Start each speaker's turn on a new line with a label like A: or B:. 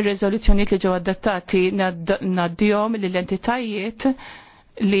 A: ir-reżoluzzjonijiet li ġew adattati naddihom lill-entitajiet li